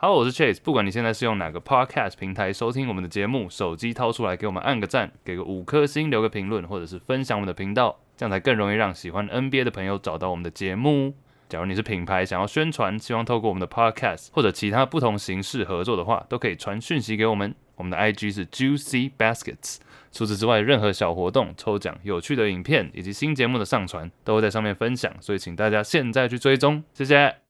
哈嘍我是 Chase。不管你現在是用哪個 podcast 平台收聽我們的節目，手機掏出來給我們按個讚，給個五顆星，留個評論，或者是分享我們的頻道，這樣才更容易讓喜歡 NBA 的朋友找到我們的節目。假如你是品牌想要宣傳，希望透過我們的 podcast 或者其他不同形式合作的話，都可以傳訊息給我們。我們的 IG 是 Juicy Baskets。除此之外，任何小活動、抽獎、有趣的影片以及新節目的上傳，都會在上面分享，所以請大家現在去追蹤。謝謝。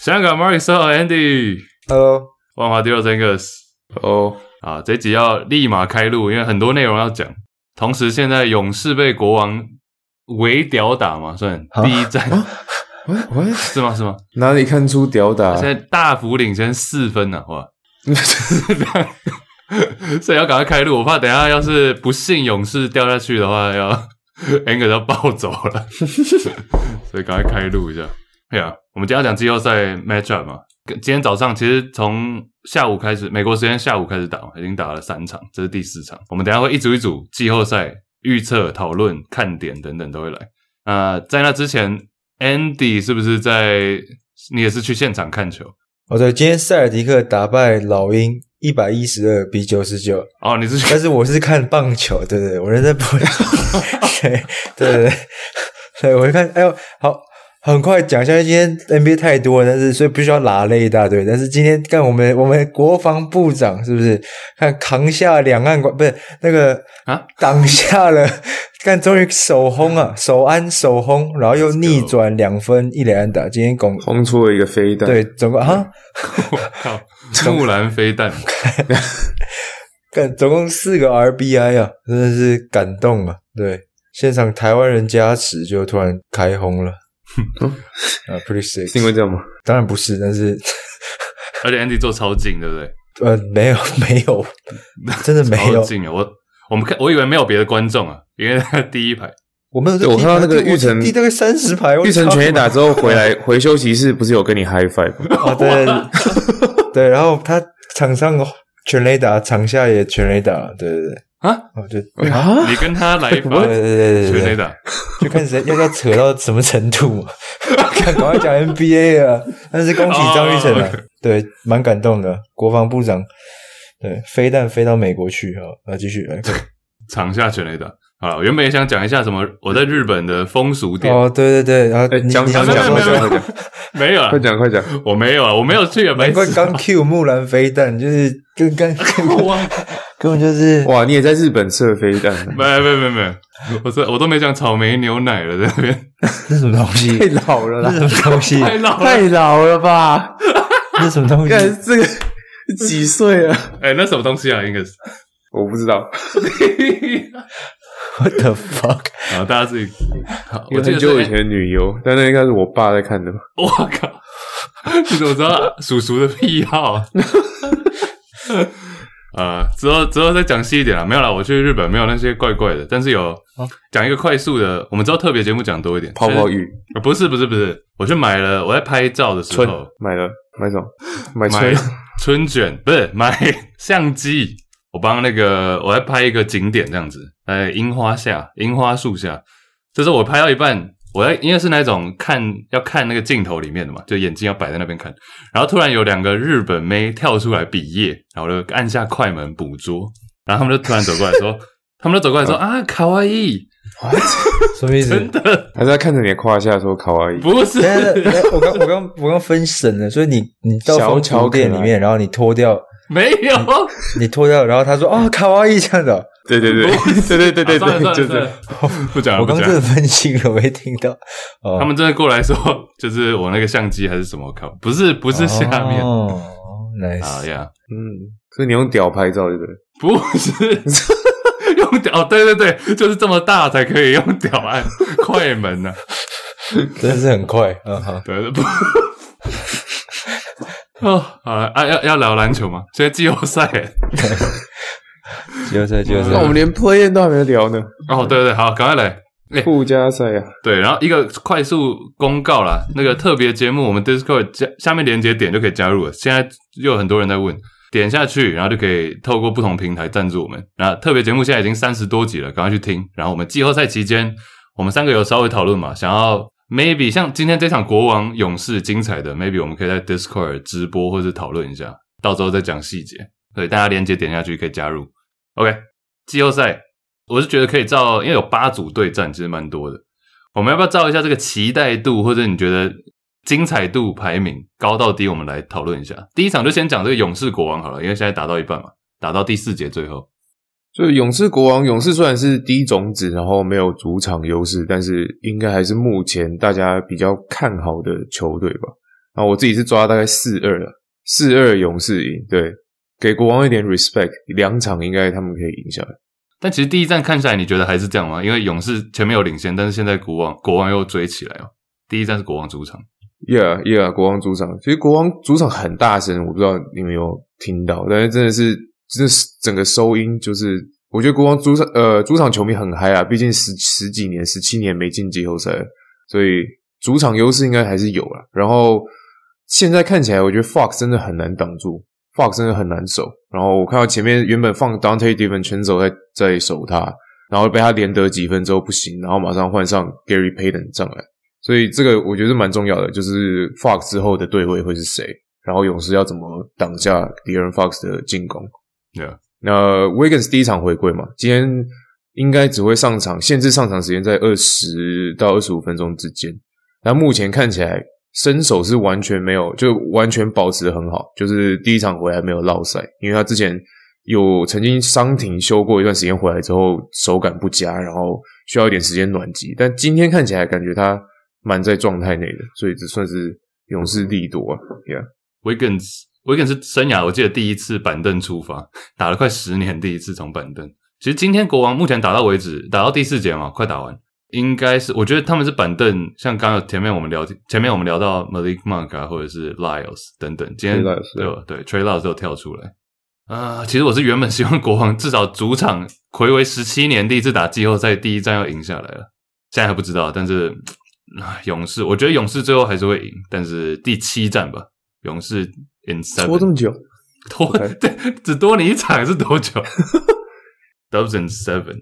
香港 Mark Sir Andy，Hello，萬華第二 Angus，哦，啊、oh.，這集要立馬開錄，因為很多內容要講。同時，現在勇士被國王圍屌打嘛，算第一戰，huh? 是嗎？是嗎？哪裡看出屌打？現在大幅領先四分是、啊、哇！好吧 所以要趕快開錄，我怕等一下要是不幸勇士掉下去的話，要 Angus 要暴走了， 所以趕快開錄一下。哎呀！我們等下講季後賽 matchup 嘛，今天早上其實從下午開始，美國時間下午開始打，已經打了三場，這是第四場。我們等一下會一組一組季後賽預測、討論、看點等等都會來。那、呃、在那之前，Andy 是不是在你也是去現場看球？哦，對，今天塞爾迪克打敗老鷹一百一十二比九十九。哦，你是，但是我是看棒球，對不對，對，對，對？我人在棒球，對對對，對我一看，哎呦，好。很快講，像今天 NBA 太多了，但是所以必須要拉了一大堆。但是今天看我們我們國防部長是不是看扛下兩岸，不是那個啊擋下了，看終於首轟，啊首安首轟，然後又逆轉兩分一壘安打，今天拱，轟出了一個飛彈，對，總共啊我靠，木蘭 飛彈，看 總共四個 RBI 啊，真的是感動啊！對，現場台灣人加持就突然開轟了。嗯 啊、uh，pretty sick，是因為這樣嗎？當然不是，但是 而且 Andy 坐超近，對不對？呃，沒有沒有，真的沒有超近啊！我我們看，我以為沒有別的觀眾啊，因為他第一排我們有，我看到那個玉成，大概三十排。玉成全雷達之後回來回休息室，不是有跟你 high five 嗎？ 啊、對，What? 對，然後他場上全雷達，場下也全雷達，對對對。啊，對，啊，你跟他來一發之類的，就看誰要不要扯到什麼程度。趕 快講 NBA 啊！但是恭喜張玉成了，啊，oh, okay. 對，蠻感動的。國防部長，對，飛彈飛到美國去啊，那繼續對來，go. 場下之類的。好，我原本也想講一下什麼，我在日本的風俗店哦，oh, 對對對，然、啊、後講、啊、沒沒講講講講，沒有啊，快講快講，我沒有啊，我沒有去啊，沒剛 Q 木蘭飛彈，就是跟跟。哇，根本就是哇，你也在日本射飛彈、啊？沒沒沒沒，我我都沒講草莓牛奶了這邊，這是什麼東西？太老了，這是什麼東西？太老太老了吧？這是什麼東西？這個幾歲啊？哎，那什麼東西啊？應該是我不知道。 我的 fuck 啊！大家自己，我很久以前女優、欸，但那應該是我爸在看的吧？我靠！你怎麼知道？ 叔叔的癖好。 呃，之後之後再講細一點啊。沒有啦，我去日本沒有那些怪怪的，但是有講一個快速的。我們知道特別節目講多一點，泡泡浴不是不是不是，我去買了。我在拍照的時候買了買什麼？買春，買春卷不是買相機。我幫那個，我在拍一個景點這樣子，在、哎、櫻花下，櫻花樹下。就是我拍到一半，我來，因為是那種看要看那個鏡頭裡面的嘛，就眼睛要擺在那邊看。然後突然有兩個日本妹跳出來比耶，然後就按下快門捕捉。然後他們就突然走過來說， 他們就走過來說啊，卡哇伊，What? 什麼意思？ 真的，還是在看着你的胯下說卡哇伊？不是，我剛我剛我剛分神了，所以你你到風俗店裡面，然後你脫掉。沒有，你，你脫掉，然後他說：“哦，卡哇伊這樣子。對對對”對對對對對對對對，就是、哦、不，講不講了。我剛真的分心了，沒聽到。哦、他們真的過來說，就是我那個相機還是什麼？靠，不是不是下面。哦，nice 呀、啊 yeah，嗯，所以你用屌拍照對不對？不是用屌、哦，對對對，就是這麼大才可以用屌按 快門啊，真的是很快。嗯、哦、哼，對的。不 啊、哦、啊！要要聊籃球嘛？所以季、 季後賽，季後賽，季後賽，那我們連破音都還沒聊呢。哦，對對，好，趕快來，附、哎、加賽啊！對，然後一個快速公告啦。那個特別節目，我們 Discord 下面連接點就可以加入了。現在又有很多人在問，點下去，然後就可以透過不同平台贊助我們。那特別節目現在已經三十多集了，趕快去聽。然後我們季後賽期間，我們三個有稍微討論嘛，想要。Maybe 像今天這場國王勇士精彩的，Maybe 我們可以在 Discord 直播或是討論一下，到時候再講細節。對，大家連接點下去可以加入。OK，季後賽我是覺得可以照，因為有八組對戰，其實蠻多的。我們要不要照一下這個期待度或者你覺得精彩度排名高到低，我們來討論一下。第一場就先講這個勇士國王好了，因為現在打到一半嘛，打到第四節最後。所以勇士國王，勇士雖然是低種子，然後沒有主場優勢，但是應該還是目前大家比較看好的球隊吧。然後我自己是抓了大概四二了，四二勇士贏，對，給國王一點 respect，兩場應該他們可以贏下來。但其實第一站看下來你覺得還是這樣嗎？因為勇士前面有領先，但是現在國王國王又追起來哦。第一站是國王主場，Yeah Yeah，國王主場，其實國王主場很大聲，我不知道你們有聽到，但是真的是。這是整個收音，就是我覺得國王主場呃主場球迷很嗨啊，畢竟十十幾年、十七年沒進季後賽，所以主場優勢應該還是有啦、啊。然後現在看起來，我覺得 Fox 真的很難擋住，Fox 真的很難守。然後我看到前面原本放 Donte DiVincenzo 在在守他，然後被他連得幾分之後不行，然後馬上換上 Gary Payton 上來，所以這個我覺得是蠻重要的，就是 Fox 之後的對位會，會是誰，然後勇士要怎麼擋下 De'Aaron Fox 的進攻。Yeah. 那 Wiggins 第一場回歸嘛，今天應該只會上場，限制上場時間在二十到二十五分鐘之間。那目前看起來身手是完全沒有，就完全保持得很好，就是第一場回來沒有落賽，因為他之前有曾經傷停休過一段時間，回來之後手感不佳，然後需要一點時間暖機。但今天看起來感覺他蠻在狀態內的，所以這算是勇士力多，啊。Yeah，Wiggins。維金斯生涯，我記得第一次板凳出發，打了快十年，第一次從板凳。其實今天國王目前打到為止，打到第四節嘛，快打完，應該是我覺得他們是板凳。像剛剛前面我們聊，前面我們聊到 Malik Monk 啊，或者是 Lyles 等等，今天對吧對，Trey Lyles 有跳出來。啊、呃，其實我是原本希望國王至少主場暌違十七年，第一次打季後賽第一戰要贏下來了。現在還不知道，但是勇士，我覺得勇士最後還是會贏，但是第七戰吧，勇士。多這麼久，多、okay. 對，只多你一場還是多久？ Dubs in Seven，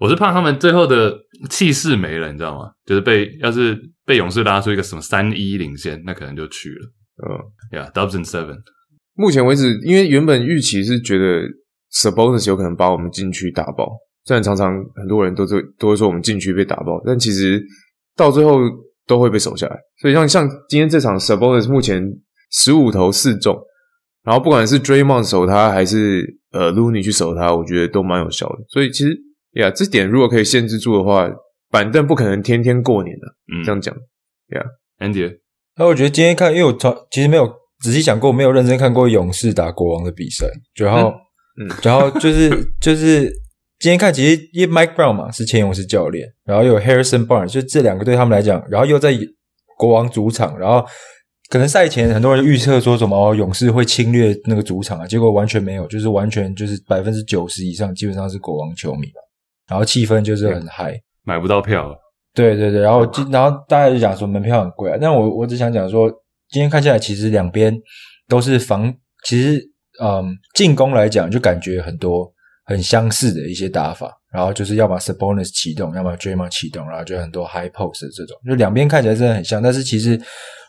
我是怕他們最後的氣勢沒了，你知道嗎？就是被要是被勇士拉出一個什麼三一領先，那可能就去了。嗯，呀 a h、yeah, Dubs in Seven，目前為止，因為原本預期是覺得 Sabonis 有可能把我們禁區打爆，雖然常常很多人都說都會說我們禁區被打爆，但其實到最後都會被守下來。所以像像今天這場 Sabonis 目前。十五投四中，然後不管是 Draymond 守他還是呃 Looney 去守他，我覺得都蠻有效的。所以其實呀，yeah, 這點如果可以限制住的話，板凳不可能天天過年了、啊。這樣講，呀安迪那我覺得今天看，因為我其實沒有仔細想過，我沒有認真看過勇士打國王的比賽。然後，然、嗯、後就，就是 就是今天看，其實因為 Mike Brown 嘛是前勇士教練，然後又有 Harrison Barnes，就這兩個對他們來講，然後又在國王主場，然後。可能賽前很多人預測說什麼、哦、勇士會侵略那個主場、啊，結果完全沒有，就是完全就是百分之九十以上基本上是國王球迷嘛，然後氣氛就是很嗨，買不到票，對對對，然後然後大家就講說門票很貴、啊，但我我只想講說今天看起來其實兩邊都是防，其實嗯進攻來講就感覺很多很相似的一些打法，然後就是要把 Sabonis 啟動，要麼 Draymond 啟動，然後就很多 High Post 這種，就兩邊看起來真的很像，但是其實。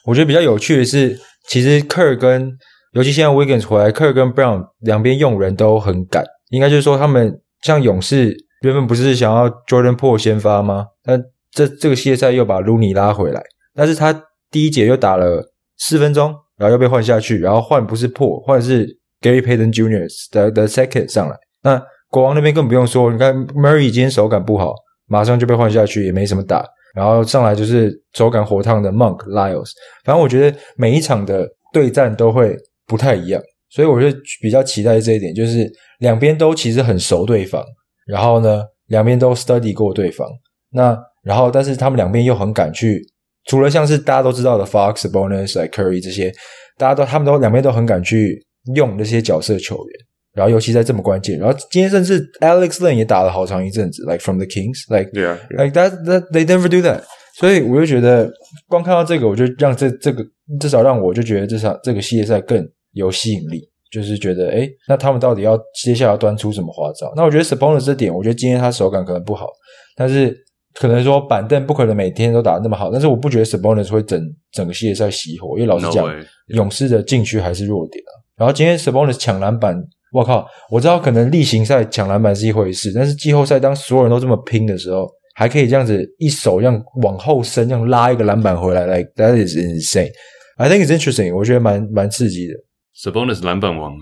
我覺得比較有趣的是，其實科爾跟，尤其現在 Wiggins 回來，科爾 跟 Brown 兩邊用人都很趕，應該就是說他們像勇士，原本不是想要 Jordan Poole 先發嗎？但這這個系列賽又把 Luni 拉回來，但是他第一節又打了四分鐘，然後又被換下去，然後換不是 Poole，換是 Gary Payton Jr. 的的 Second 上來。那國王那邊更不用說，你看 Murray 今天手感不好，馬上就被換下去，也沒什麼打。然後上來就是手感火燙的 Monk Lyles，反正我覺得每一場的對戰都會不太一樣，所以我就比較期待這一點，就是兩邊都其實很熟對方，然後呢，兩邊都 study 過對方，那然後但是他們兩邊又很敢去，除了像是大家都知道的 Fox Bonus、像 Curry 這些，大家都他們都兩邊都很敢去用這些角色球員。然後，尤其在這麼關鍵，然後今天甚至 Alex Len 也打了好長一陣子，like from the Kings，like、yeah, yeah. like that that they never do that。所以，我就覺得光看到這個，我就讓這這個至少讓我就覺得這場這個系列賽更有吸引力，就是覺得誒，那他們到底要接下來端出什麼花招？那我覺得 Sabonis 這點，我覺得今天他手感可能不好，但是可能說板凳不可能每天都打得那麼好，但是我不覺得 Sabonis 會整整個系列賽熄火，因為老實講，no yeah. 勇士的禁區還是弱點啊。然後今天 Sabonis 搶籃板。我靠！我知道可能例行賽搶籃板是一回事，但是季後賽當所有人都這麼拼的時候，還可以這樣子一手這樣往後伸，這樣拉一個籃板回來，like that is insane。I think it's interesting，我覺得蠻蠻刺激的。Sabonis 是籃板王。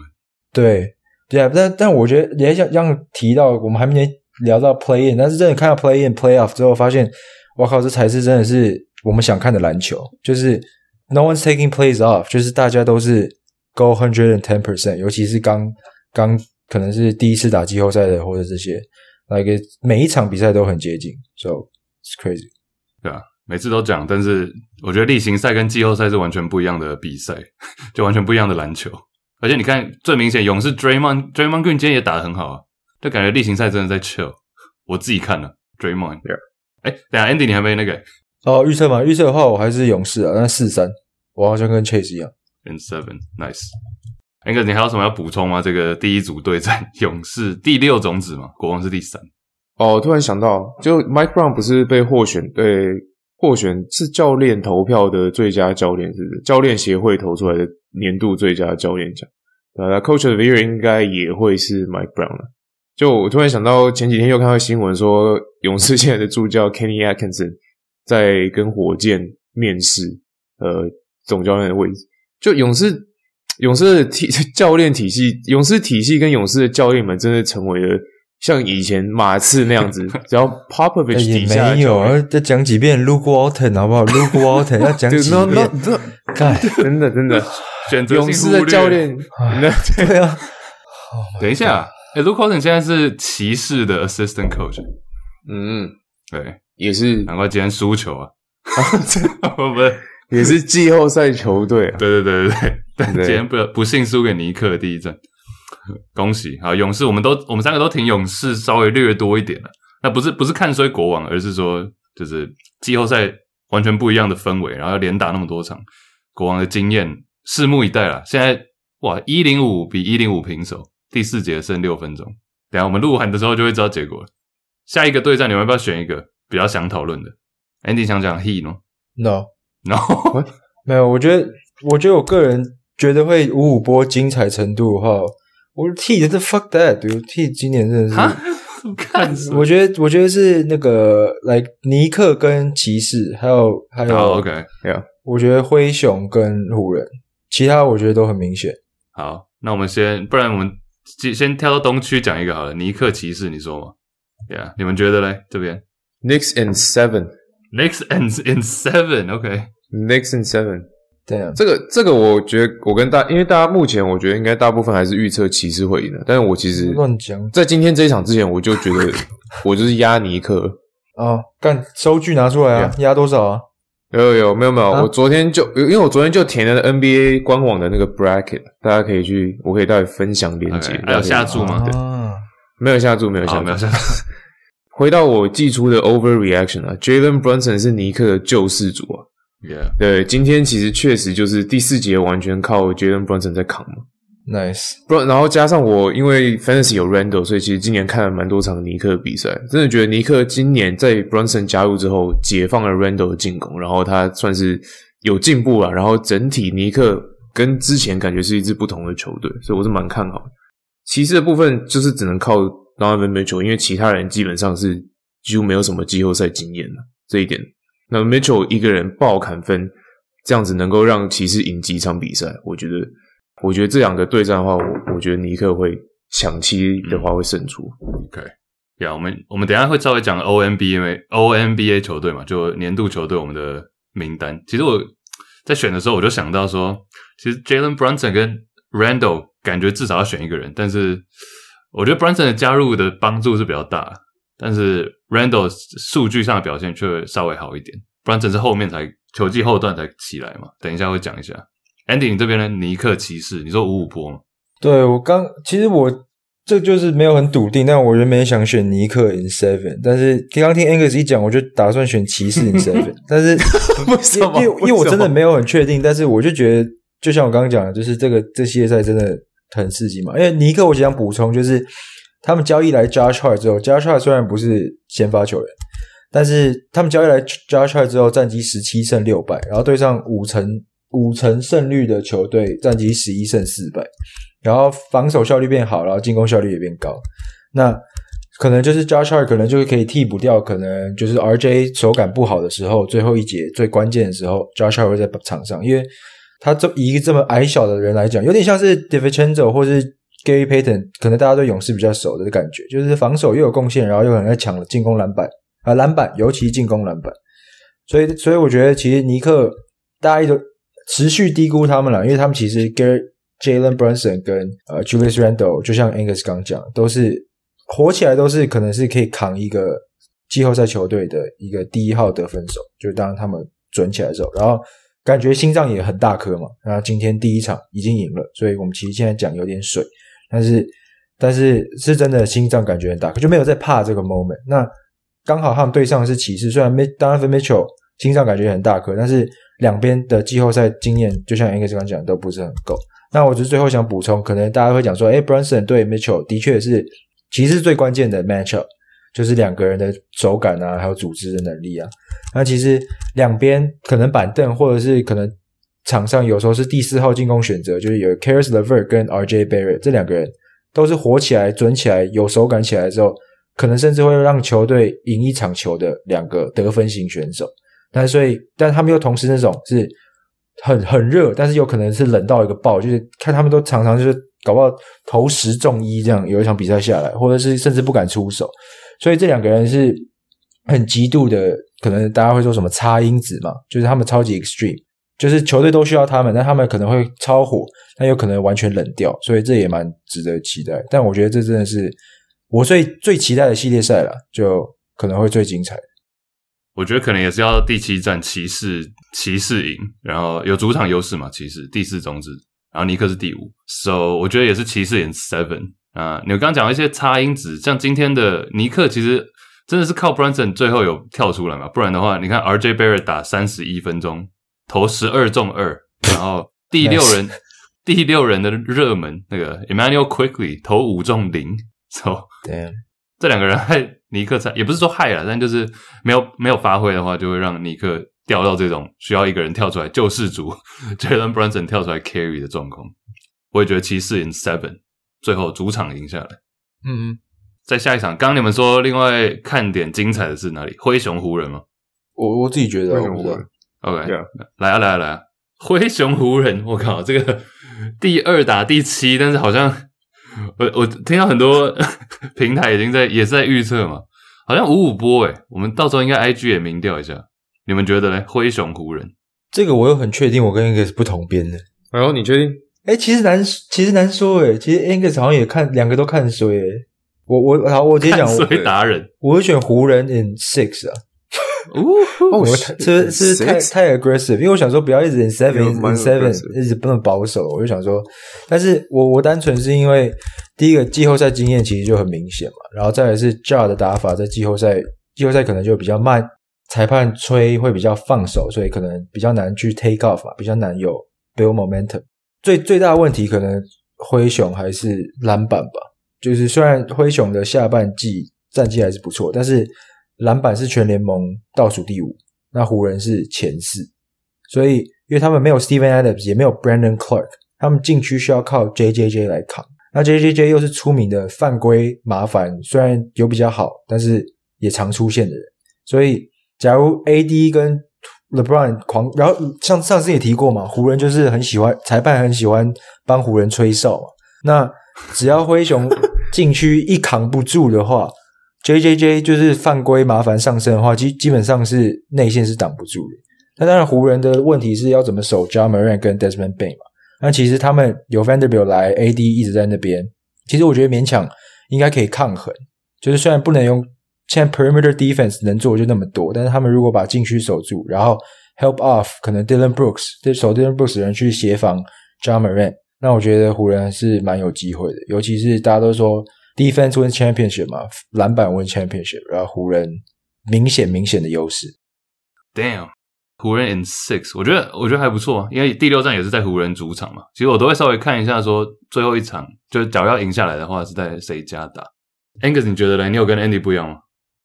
對，對啊，但但我覺得家想讓也像像提到我們還沒聊到 play in，但是真的看到 play in playoff 之後，發現我靠，這才是真的是我們想看的籃球，就是 no one's taking plays off，就是大家都是 go hundred and ten percent，尤其是剛。剛可能是第一次打季後賽的，或者這些，每一場比賽都很接近，so it's crazy，對啊，每次都講，但是我覺得例行賽跟季後賽是完全不一樣的比賽，就完全不一樣的籃球。而且你看，最明顯勇士 Draymond，Draymond Green 今天也打得很好啊，就感覺例行賽真的在 chill。我自己看了、啊、Draymond，哎、yeah.，等一下 Andy，你還沒那個？哦，預測嘛，預測的話我還是勇士啊，那四三，我好像跟 Chase 一樣。In seven, nice. 那、嗯、個，你還有什麼要補充嗎？這個第一組對戰，勇士第六種子嘛，國王是第三。哦，突然想到，就 Mike Brown 不是被獲選，對，獲選是教練投票的最佳教練，是不是？教練協會投出來的年度最佳教練獎。那、uh, Coach of the Year 應該也會是 Mike Brown，就我突然想到，前幾天又看到新聞說，勇士現在的助教 Kenny Atkinson 在跟火箭面試呃總教練的位置。就勇士。勇士的體教練體系，勇士體系跟勇士的教練們，真的成為了像以前馬刺那樣子。只要 Popovich 底下也沒有，啊再講幾遍 Luke Walton 好不好？Luke Walton 要講幾遍？ 對 對 真的真的，選勇士的教練。 對啊， 等一下，哎，Luke Walton 現在是騎士的 Assistant Coach。嗯，對，也是難怪今天輸球啊。真這我們也是季後賽球隊啊。 對對對對對。但 今天不不幸輸給尼克的第一戰， 恭喜啊！勇士，我們都我們三個都挺勇士，稍微略多一點了，啊。那不是不是看衰國王，而是說就是季後賽完全不一樣的氛圍，然後要連打那麼多場。國王的經驗，拭目以待啦。現在哇，一零五比一零五平手，第四節剩六分鐘。等下我們錄完的時候就會知道結果了。下一個對戰，你們要不要選一個比較想討論的？Andy 想講 He 呢 no?？No，No， 沒有。我覺得，我覺得我個人。覺得會五五波精彩程度哈，我 T the fuck that，我 T 今年真的是，看，我覺得我覺得是那個來、like、尼克跟騎士，還有還有、oh, OK，yeah，okay. 我覺得灰熊跟湖人，其他我覺得都很明顯。好，那我們先，不然我們先先跳到東區講一個好了，尼克騎士，你說嘛，yeah，你們覺得嘞？這邊，Knicks in seven，Knicks in seven，OK，Knicks in seven。對啊、這個，這個這個，我覺得我跟大，因為大家目前我覺得應該大部分還是預測騎士會贏的，但是，我其實亂講，在今天這一場之前，我就覺得我就是壓尼克啊，幹、 哦、收據拿出來啊，壓、yeah. 多少啊？有有有，沒有沒有，啊、我昨天就因為我昨天就填了 NBA 官網的那個 Bracket，大家可以去，我可以待會分享連結，還、okay, 有、啊、下注嗎、啊，對？沒有下注，沒有下注，oh, 沒有下注。 回到我寄出的 Overreaction 啊，Jalen Brunson 是尼克的救世主啊。Yeah. 對，今天其實確實就是第四節完全靠 Jalen Brunson 在扛嘛，Nice。不然後加上我因為 Fantasy 有 Randle 所以其實今年看了蠻多場尼克的比賽，真的覺得尼克今年在 Brunson 加入之後，解放了 Randle 的進攻，然後他算是有進步了。然後整體尼克跟之前感覺是一支不同的球隊，所以我是蠻看好的。騎士的部分就是只能靠 Donovan Mitchell，因為其他人基本上是幾乎沒有什麼季後賽經驗了啊，這一點。那 Mitchell 一個人爆砍分，這樣子能夠讓騎士贏幾場比賽？我覺得，我覺得這兩個對戰的話，我我覺得尼克會搶七，的話會勝出。OK，對、yeah, 啊，我們我們等一下會稍微講 All-NBA，All-NBA 球隊嘛，就年度球隊我們的名單。其實我在選的時候，我就想到說，其實 Jalen Brunson 跟 Randall 感覺至少要選一個人，但是我覺得 Brunson 的加入的幫助是比較大。但是 Randall 數據上的表現卻稍微好一點，不然真是後面才球季後段才起來嘛。等一下會講一下。Andy，你這邊呢？尼克騎士，你說五五波嗎？對，我剛其實我這就是沒有很篤定，但我原本想選尼克 in seven。但是剛剛聽 Angus 一講，我就打算選騎士 in seven。 但是 為什麼？因為因為我真的沒有很確定，但是我就覺得，就像我剛剛講的，就是這個這系列賽真的很刺激嘛。因為尼克，我只想補充就是。他們交易來 Josh Hart 之後，Josh Hart 雖然不是先發球員，但是他們交易來 Josh Hart 之後，戰績十七勝六敗，然後對上五成五成勝率的球隊，戰績十一勝四敗，然後防守效率變好，然後進攻效率也變高。那可能就是 Josh Hart 可能就是可以替補掉，可能就是 RJ 手感不好的時候，最後一節最關鍵的時候，Josh Hart 會在場上，因為他這一個這麼矮小的人來講，有點像是 DiVincenzo 或是。Gary Payton 可能大家對勇士比較熟的感覺，就是防守又有貢獻，然後又很在搶了進攻籃板啊，呃、籃板尤其進攻籃板。所以，所以我覺得其實尼克大家一直持續低估他們了，因為他們其實 Gary、Jalen Brunson 跟呃 Julius Randle 就像 Angus 剛講，都是火起來都是可能是可以扛一個季後賽球隊的一個第一號得分手，就當他們準起來的時候，然後感覺心臟也很大顆嘛。那今天第一場已經贏了，所以我們其實現在講有點水。但是，但是是真的心臟感覺很大，可就沒有在怕這個 moment。那剛好他們對上是騎士，雖然沒 Donovan Mitchell 心臟感覺很大，可但是兩邊的季後賽經驗，就像 Angus 剛講的，都不是很夠。那我只是最後想補充，可能大家會講說，哎，欸，Brunson 對 Mitchell 的確是騎士最關鍵的 matchup，就是兩個人的手感啊，還有組織的能力啊。那其實兩邊可能板凳，或者是可能。場上有時候是第四號進攻選擇，就是有 Caris LeVert 跟 RJ Barrett 這兩個人，都是火起來、準起來、有手感起來之後，可能甚至會讓球隊贏一場球的兩個得分型選手。但所以，但他們又同時那種是很很熱，但是有可能是冷到一個爆，就是看他們都常常就是搞不好投十中一這樣，有一場比賽下來，或者是甚至不敢出手。所以這兩個人是很極度的，可能大家會說什麼差因子嘛，就是他們超級 extreme。就是球隊都需要他們，但他們可能會超火，但有可能完全冷掉，所以這也蠻值得期待。但我覺得這真的是我最最期待的系列賽了，就可能會最精彩。我覺得可能也是要第七戰，騎士騎士贏，然後有主場優勢嘛，騎士第四種子，然後尼克是第五，So 我覺得也是騎士贏 seven 啊。你剛講了一些差音子，像今天的尼克其實真的是靠 Brunson 最後有跳出來嘛，不然的話，你看 RJ Barrett 打三十一分鐘。投十二中二，然後第六人、 nice、第六人的熱門那個 Immanuel Quickley 投五中零，so、Damn. 這兩個人害尼克才也不是說害了，但就是沒有沒有發揮的話，就會讓尼克掉到這種需要一個人跳出來救世主、oh. ，Jalen Brunson 跳出來 carry 的狀況。我也覺得騎士 in seven 最後主場贏下來。嗯，再下一場，剛剛你們說另外看點精彩的是哪裡？灰熊湖人嗎？我我自己覺得。OK，、yeah. 來啊來啊來啊，灰熊湖人，我靠，這個第二打第七，但是好像我我聽到很多平台已經在也是在預測嘛，好像五五波誒，我們到時候應該 IG 也民調一下，你們覺得呢？灰熊湖人，這個我又很確定，我跟 Angus 不同邊的。然、哎、後你確定？哎、欸，其實難，其實難說誒，其實 Angus 好像也看兩個都看誰。誒我我好，我直接講，我達人，我會選湖人 in six 啊。哦、oh，我這是太太，太 aggressive，因為我想說不要一直 in seven seven，一直不能保守，我就想說，但是我我單純是因為第一個季後賽經驗其實就很明顯嘛，然後再來是 Ja 的打法在季後賽季後賽可能就比較慢，裁判吹會比較放手，所以可能比較難去 take off 嘛，比較難有 build momentum。最最大的問題可能灰熊還是籃板吧，就是雖然灰熊的下半季戰績還是不錯，但是。籃板是全聯盟倒數第五，那湖人是前四，所以因為他們沒有 Steven Adams，也沒有 Brandon Clark，他們禁區需要靠 JJJ 來扛。那 JJJ 又是出名的犯規麻煩，雖然有比較好，但是也常出現的人。所以假如 AD 跟 LeBron 狂，然後上上次也提過嘛，湖人就是很喜歡，裁判很喜歡幫湖人吹哨嘛。那只要灰熊禁區一扛不住的話，J J J 就是犯規麻煩上升的話，基基本上是內線是擋不住的。那當然，湖人的問題是要怎麼守 Ja Morant 跟 Desmond Bane 嘛。那其實他們有 Vanderbilt 來 A D 一直在那邊，其實我覺得勉強應該可以抗衡。就是雖然不能用現在 Perimeter Defense 能做就那麼多，但是他們如果把禁區守住，然後 Help Off 可能 Dillon Brooks 就守 Dillon Brooks 的人去協防 Ja Morant，那我覺得湖人是蠻有機會的。尤其是大家都說。Defense win championship 嘛，籃板 win championship，然後湖人明顯明顯的優勢。Damn，湖人 in six，我覺得我覺得還不錯，因為第六戰也是在湖人主場嘛。其實我都會稍微看一下，說最後一場就假如要贏下來的話是，是在誰家打？Angus，你覺得呢？你有跟 Andy 不一樣嗎？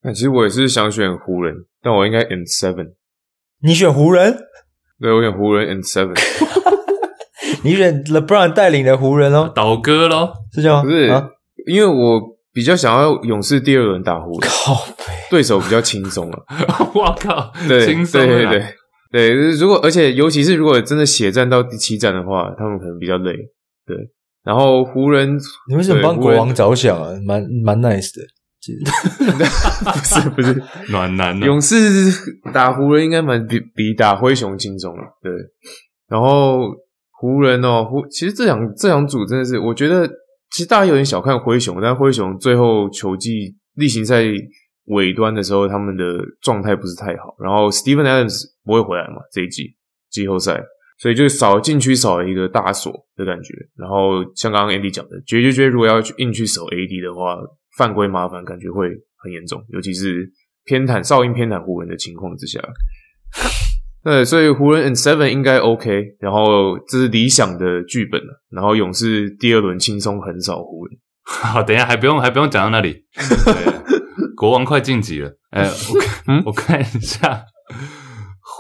那其實我也是想選湖人，但我應該 in seven。你選湖人？對，我選湖人 in seven。 你選 LeBron 帶領的湖人咯，倒戈咯，是這樣嗎？不是。啊因為我比較想要勇士第二輪打湖人靠，對手比較輕鬆啊。我靠，對，輕鬆對對對對，對對對，如果而且尤其是如果真的血戰到第七戰的話，他們可能比較累。對，然後湖人，你們怎麼幫國王着想啊？蠻蠻 nice 的，其實 不是不是暖男啊。勇士打湖人應該蠻比比打灰熊輕鬆對，然後湖人哦，湖其實這兩這兩組真的是我覺得。其實大家有點小看灰熊，但灰熊最後球季例行賽尾端的時候，他們的狀態不是太好。然後 Steven Adams 不會回來嘛，這一季季後賽，所以就少禁區少一個大鎖的感覺。然後像剛剛 Andy 講的，覺絕得絕如果要去硬去守 AD 的話，犯規麻煩感覺會很嚴重，尤其是偏袒哨音偏袒湖人的情況之下。對，所以湖人 in 7應該 OK，然後這是理想的劇本，然後勇士第二輪輕鬆橫掃湖人。好，等一下還不用還不用講到那裡。 欸、國王快晉級了，哎、欸，我看 我看一下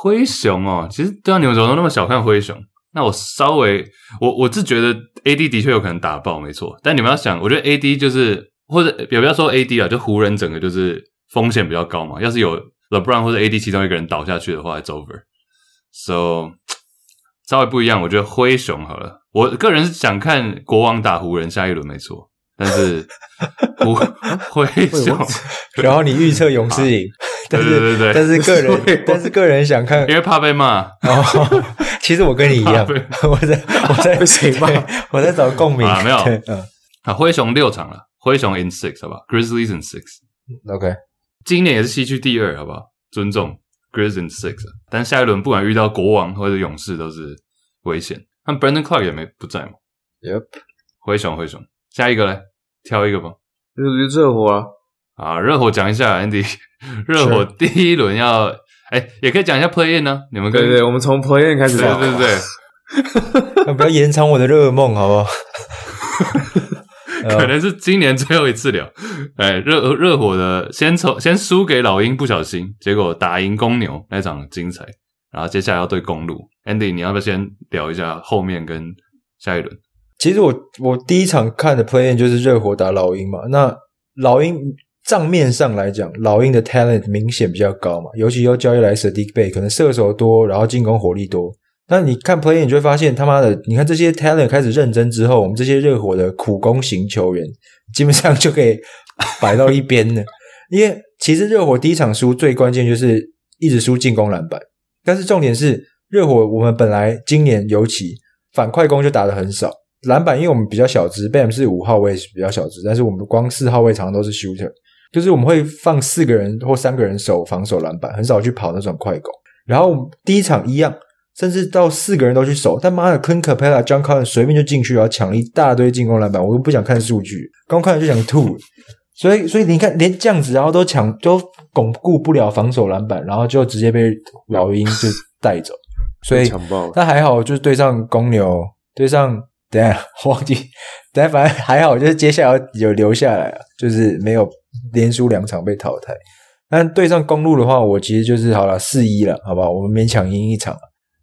灰熊哦。其實對啊，你們怎麼都那麼小看灰熊？那我稍微我我是覺得 AD 的確有可能打爆，沒錯。但你們要想，我覺得 AD 就是或者也不要說 AD 啊，就湖人整個就是風險比較高嘛。要是有 LeBron 或者 AD 其中一個人倒下去的話，it's over。So，稍微不一樣，我覺得灰熊好了。我個人是想看國王打湖人下一輪沒錯，但是 我灰熊，然、欸、後你預測勇士贏， 啊、對，對對對，但是個人 但是個人想看，因為怕被罵、 哦。其實我跟你一樣， 我在我在水誰 我在找共鳴啊 沒有啊。灰熊六場了，灰熊 in six 好吧好 Grizzlies in six，OK，、okay. 今年也是西區第二，好不好？尊重。Grizzlies six，但下一輪不管遇到國王或者勇士都是危險。那 Brandon Clarke 也沒不在嗎？Yep 灰熊灰熊，下一個嘞，挑一個吧。熱熱火啊！啊，熱火講一下 Andy，熱火第一輪要哎、欸，也可以講一下 play-in 呢、啊，你們可以對，對，對？我們從 play-in 開始對不對，對，對？ 不要延長我的熱夢好不好？ 可能是今年最後一次聊，oh. 哎，熱熱火的先抽，先輸給老鷹，不小心，結果打贏公牛那場精彩，然後接下來要對公鹿，Andy，你要不要先聊一下後面跟下一輪？其實我我第一場看的 play-in 就是熱火打老鷹嘛，那老鷹賬面上來講，老鷹的 talent 明顯比較高嘛，尤其又交易來 Saddiq Bey，可能射手多，然後進攻火力多。那你看 play，你就會發現他媽的，你看這些 talent 開始認真之後，我們這些熱火的苦攻型球員基本上就可以擺到一邊了。因為其實熱火第一場輸最關鍵就是一直輸進攻籃板，但是重點是熱火我們本來今年尤其反快攻就打得很少，籃板因為我們比較小隻，Bam 是五號位比較小隻，但是我們光四號位常常都是 shooter，就是我們會放四個人或三個人守防守籃板，很少去跑那種快攻。然後第一場一樣。甚至到四個人都去守，他媽的，Capela、John Collins 隨便就進去，然後搶了一大堆進攻籃板，我都不想看數據，剛看了就想吐。 所以，所以你看，連這樣子，然後都搶，都鞏固不了防守籃板，然後就直接被老鷹就帶走。 所以強爆。但還好，就是對上公牛，對上等下忘記，等下反正還好，就是接下來有留下來了，就是沒有連輸兩場被淘汰。但對上公鹿的話，我其實就是好了四一了，好吧好不好，我們勉強贏一場。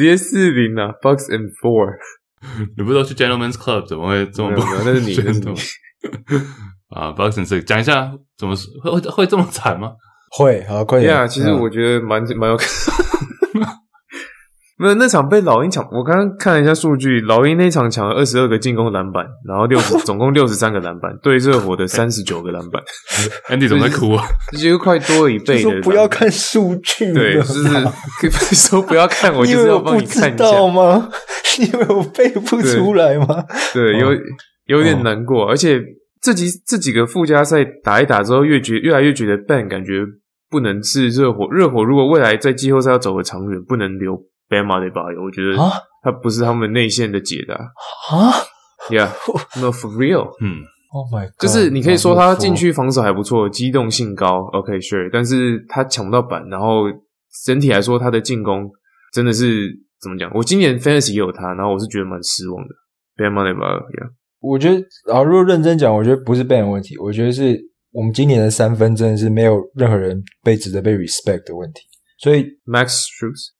直接四零啊，Bucks and Four，你不知道去 Gentlemen's Club 怎麼會這麼猛？那是你，的， 啊，Bucks and Six，講一下，怎麼會會，會這麼慘嗎？會好啊，快點、啊，其實我覺得蠻蠻、嗯、有可。 沒有那場被老鷹搶，我剛剛看了一下數據，老鷹那場搶了二十二個進攻籃板，然後六十總共六十三個籃板，對熱火的三十九個籃板。安迪怎麼在哭啊？這 又，就是就是，快多了一倍的。說不要看數據，對，就是 說不要看，我就是要幫你看一下。你知道嗎？你以為我背不出來嗎？對，對有有點難過，而且這幾這幾個附加賽打一打之後，越覺越來越覺得 Ben 感覺不能是熱火，熱火如果未來在季後賽要走得長遠，不能留。Bam Adebayo，我覺得他不是他們內線的解答。啊、huh？Yeah，No for real，hmm。嗯，Oh my God，就是你可以說他禁區防守還不錯，機動性高。OK，Sure，okay, 但是他搶不到板，然後整體來說他的進攻真的是怎麼講？我今年 Fantasy 也有他，然後我是覺得蠻失望的。Bam Adebayo，yeah，我覺得，然、啊、如果認真講，我覺得不是 Bam 問題，我覺得是我們今年的三分真的是沒有任何人被值得被 respect 的問題。所以 Max Strus。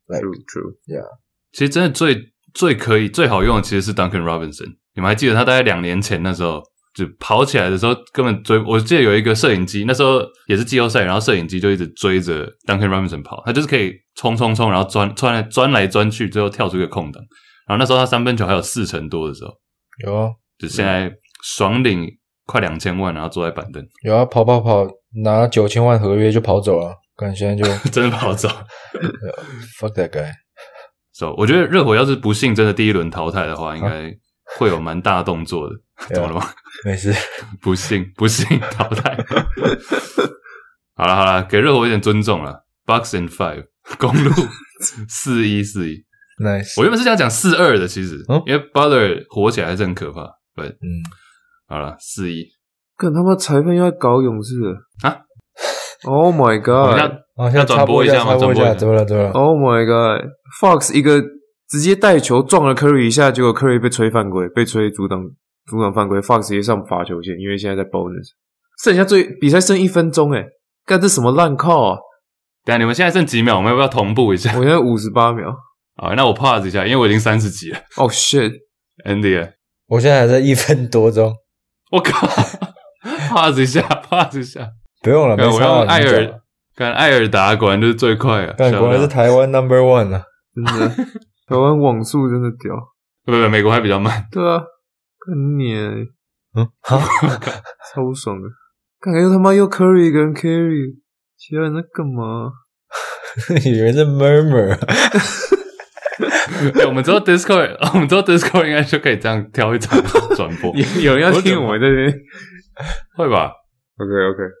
True，True，Yeah，其實真的最最可以最好用的其實是 Duncan Robinson。你們還記得他大概兩年前那時候就跑起來的時候，根本追。我記得有一個攝影機，那時候也是季後賽，然後攝影機就一直追着 Duncan Robinson 跑。他就是可以衝衝衝，然後鑽鑽鑽來鑽去，最後跳出一個空檔。然後那時候他三分球還有四成多的時候，有啊。就現在爽領快兩千萬，然後坐在板凳。有啊，跑跑跑，拿九千萬合約就跑走了。但現在就 真的不好找。Fuck that guy。So, 我覺得熱火要是不幸真的第一輪淘汰的話，啊、應該會有蠻大動作的。懂 了嗎沒事， 不幸，不幸淘汰。 好了好了，給熱火一點尊重了。Bucks in five 公路四 一四一，nice。我原本是想講四二的，其實、嗯、因為 Butler 火起來還是很可怕。對、right，嗯。好了四一，看他媽裁判又要搞勇士啊！Oh my god！Oh my god 啊，現在要轉播一下嘛，轉播一下，轉了，轉了。Oh my god！Fox 一個直接帶球撞了 Curry 一下，結果 Curry 被吹犯規，被吹阻擋，阻擋犯規。Fox 也上罰球線，因為現在在 bonus。剩下最比賽剩一分鐘、欸，哎，幹這什麼爛 call 啊！等一下你們現在剩幾秒？我們要不要同步一下？我現在五十八秒。好，那我 pause 一下，因為我已經三十幾了。Oh shit！Andy，我現在還在一分多鐘。我靠 ！pause 一下 pause 一下。不用了，沒有。我要艾爾，跟艾爾打，果然就是最快啊！但果然是台灣 number one 啊，真的。 台灣網速真的屌，不，不不，美國還比較慢。對啊，跟你、欸，嗯，好， 超爽的！感覺又他媽又 curry 跟 carry，其他人在幹嘛？有人在 murmur。哎、 欸，我們做 Discord，我們做 Discord 應該就可以這樣挑一場轉播。 有人要聽我們在這邊？ 會吧？OK OK。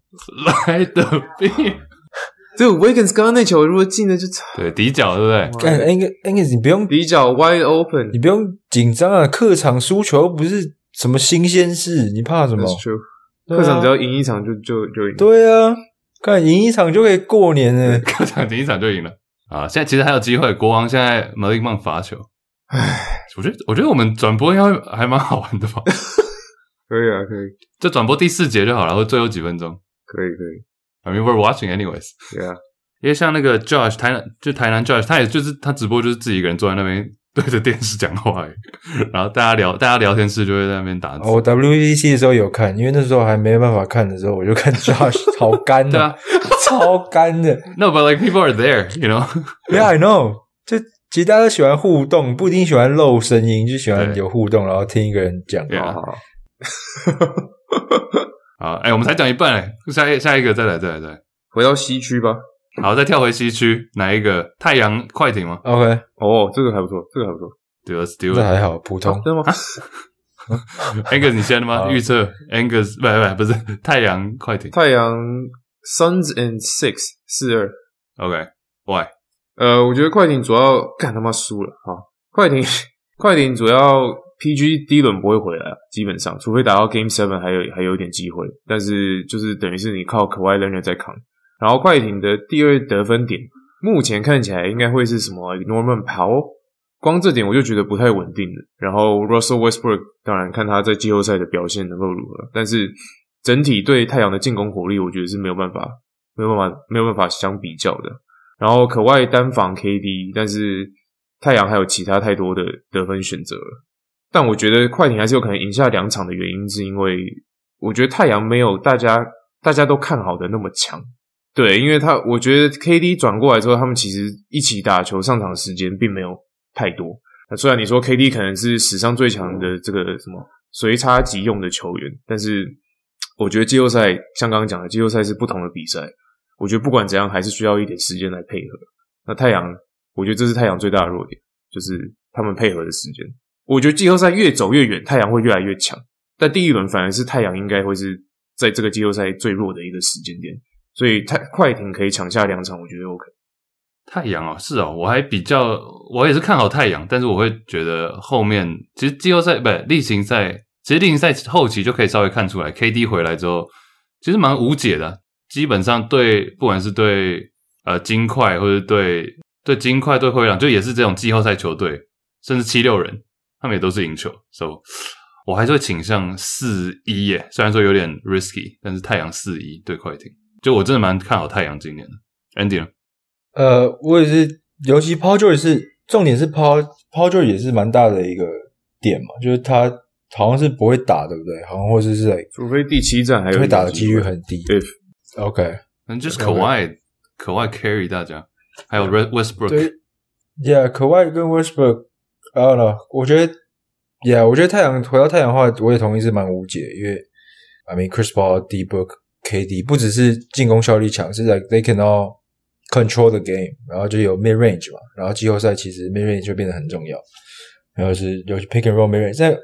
來的病，就 Wiggins 剛剛那球如果進了就慘，對，底角 對，對不對？看 Angus 你不用底角，Wide Open，你不用緊張啊。客場輸球不是什麼新鮮事，你怕什麼？客場只要贏一場就就就贏，對啊，看贏、啊、一場就可以過年了。客場贏一場就贏了啊！現在其實還有機會，國王現在 Mulliman 罰球，哎， 我覺得我覺得我們轉播應該還蠻好玩的吧？ 可以啊，可以，就轉播第四節就好了，或最後幾分鐘。可以可以，I mean we're watching, anyways. Yeah. 因為像那個 Josh 台南，就台南 Josh，他也就是他直播就是自己一個人坐在那邊對着電視講話，然後大家聊，大家聊天室就會在那邊打字。字、Oh, 我 WBC 的時候有看，因為那時候還沒辦法看的時候，我就看 Josh， 超幹的，超幹的。No, but like people are there, you know? Yeah, I know. 就其實大家都喜歡互動，不一定喜歡露聲音，就喜歡有互動，然後聽一個人講啊。Yeah. 哦好好 啊，哎、欸，我們才講一半哎、欸，下一下一個再來再來再來回到西區吧。好，再跳回西區，哪一個太陽快艇嗎？OK，哦、oh,，這個還不錯，這個還不錯。對啊，still，這還好，普通。啊啊、 Angus， 你先了嗎？預 測測 Angus, ，Angus，不不不，不是太陽快艇，太陽 Suns in six 四二，OK，Why？、Okay. 呃，我覺得快艇主要幹他媽輸了啊，快艇快艇主要。PG 第一輪不會回來，基本上，除非打到 Game Seven，還有還有一點機會，但是就是等於是你靠可外 Leonard 在扛，然後快艇的第二得分點，目前看起來應該會是什麼 Norman Powell，光這點我就覺得不太穩定了。然後 Russell Westbrook，當然看他在季後賽的表現能夠如何，但是整體對太陽的進攻火力，我覺得是沒有辦法、沒有辦法、沒有辦法相比較的。然後可外單防 KD，但是太陽還有其他太多的得分選擇了。但我覺得快艇還是有可能贏下兩場的原因，是因為我覺得太陽沒有大家大家都看好的那麼強，對，因為他我覺得 KD 轉過來之後，他們其實一起打球上場的時間並沒有太多。那雖然你說 KD 可能是史上最強的這個什麼隨插即用的球員，但是我覺得季後賽像剛剛講的季後賽是不同的比賽，我覺得不管怎樣還是需要一點時間來配合。那太陽，我覺得這是太陽最大的弱點，就是他們配合的時間。我覺得季後賽越走越遠，太陽會越來越強。但第一輪反而是太陽應該會是在這個季後賽最弱的一個時間點，所以太快艇可以搶下兩場，我覺得 OK。太陽啊、哦，是啊、哦，我還比較，我也是看好太陽，但是我會覺得後面其實季後賽不是例行賽，其實例行賽後期就可以稍微看出來，KD 回來之後其實蠻無解的，基本上對不管是對呃金塊或者是對對金塊對灰狼，就也是這種季後賽球隊，甚至七六人。他們也都是贏球，so 我還是會傾向四一耶。雖然說有點 risky，但是太陽四一對快艇，就我真的蠻看好太陽今年的 Andy 呢？呃，我也是，尤其 Paul George 是重點，是 Paul, Paul George 也是蠻大的一個點嘛，就是他好像是不會打，對不對？好像或者是,是 like, 除非第七戰，還會打的幾率很低。If. OK，那就是科懷，科懷 carry 大家，還有 Westbrook。Yeah，科懷跟 Westbrook。然後呢？我覺得，Yeah，我覺得太陽回到太陽的話，我也同意是蠻無解的。因為，I mean，Chris Paul, D-Book, KD 不只是進攻效率強，是在、like、they can all control the game，然後就有 mid range 嘛，然後季後賽其實 mid range 就變得很重要。然後就是尤其 Pick and Roll mid range，在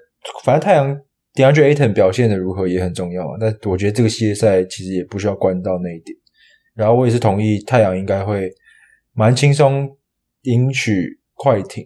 反正太陽 DeAndre Ayton 表現的如何也很重要。那我覺得這個系列賽其實也不需要關到那一點。然後我也是同意太陽應該會蠻輕鬆贏取快艇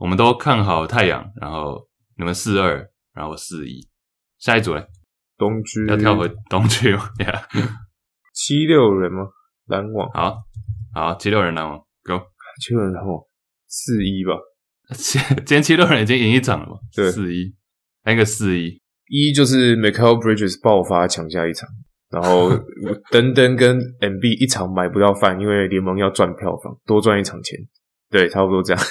我們都看好太陽，然後你們四二，然後四一，下一組咧？東區要跳回東區，yeah. 七六人嗎？籃網，好，好，七六人籃網，Go，七六人籃網四一吧，今天七六人已經贏一場了嘛？對，四一，還有個四一，一就是 Mikal Bridges 爆發搶下一場，然後等等跟 MB 一場買不到飯， 因為聯盟要賺票房，多賺一場錢，對，差不多這樣。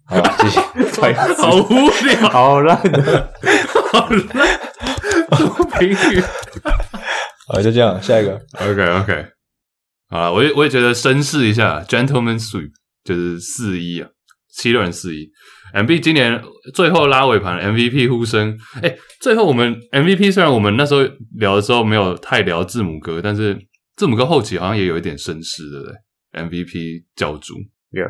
好、 啊，謝謝。 好無聊，好爛， 好爛，好美 好，就這樣，下一個。OK，OK、okay, okay. 啊，我也我也覺得紳士一下，gentleman sweep，就是四一啊，七六人四一。MVP 今年最後拉尾盤，MVP 呼聲。哎、欸，最後我們 MVP 雖然我們那時候聊的時候沒有太聊字母哥，但是字母哥後期好像也有一點紳士的，對 m v p 教主。有、yeah.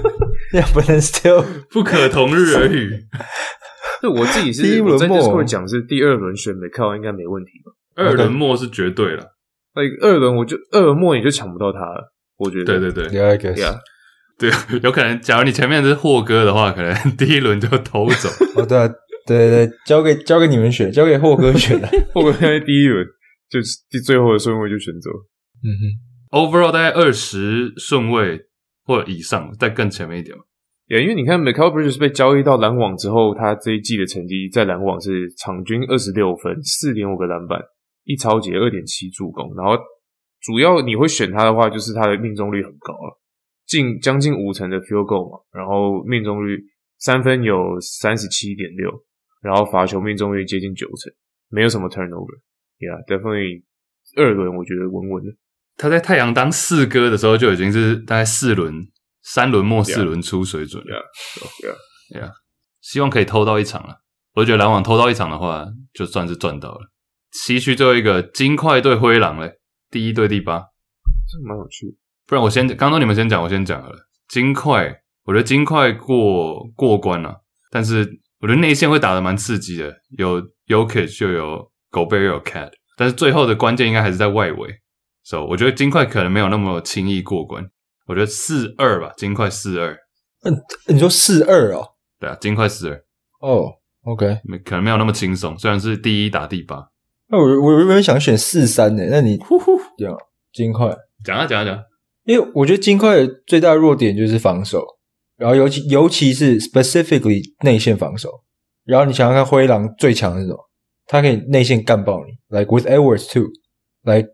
也不能 Still， 不可同日而語。那 我自己是，第一輪末 c 講是第二輪選美，看完應該沒問題吧？二輪末是絕對了。那、okay. like, 二輪我就二輪末你就搶不到他了，我覺得。對對對 yeah,、yeah. 對，有可能。假如你前面是霍哥的話，可能第一輪就偷走。哦、 oh, 啊，對、啊、對對、啊、對，交給交給你們選，交給霍哥選、啊、 霍哥因為第一輪就是第最後的順位就選擇。嗯 哼，Overall 大概二十順位。或者以上，再更前面一點嘛。對、yeah，因為你看 Mikal Bridges 是被交易到籃網之後，他這一季的成績在籃網是場均二十六分、四點五個籃板、一抄截二點七助攻。然後主要你會選他的話，就是他的命中率很高了、啊，近將近五成的 Field Goal 嘛。然後命中率三分有三十七點六，然後罰球命中率接近九成，沒有什麼 Turnover。Yeah，definitely 二輪我覺得穩穩的。他在太陽當四哥的時候，就已經是大概四輪、三輪末、yeah. 四輪初水準了。對、yeah. yeah. yeah. 希望可以偷到一場了。我覺得籃網偷到一場的話，就算是賺到了。西區最後一個金塊對灰狼嘞，第一對第八，這蠻有趣。不然我先，剛剛你們先講，我先講好了。金塊，我覺得金塊過過關了、啊，但是我覺得內線會打得蠻刺激的，有 Jokic 就有 Gobert，又有 KAT，但是最後的關鍵應該還是在外圍。所、so, 以我覺得金塊可能沒有那麼輕易過關，我覺得四二吧，金塊四二。嗯、啊，你說四二哦？對啊，金塊四二。哦、oh,，OK，可能沒有那麼輕鬆，雖然是第一打第八。那、啊、我我原本想選四三呢，那你呼呼，這樣金塊，講啊講啊講、啊。因為我覺得金塊的最大弱點就是防守，然後尤其尤其是 specifically 內線防守。然後你想要看灰狼最強的是什麼？他可以內線幹爆你，like with Edwards too，Like。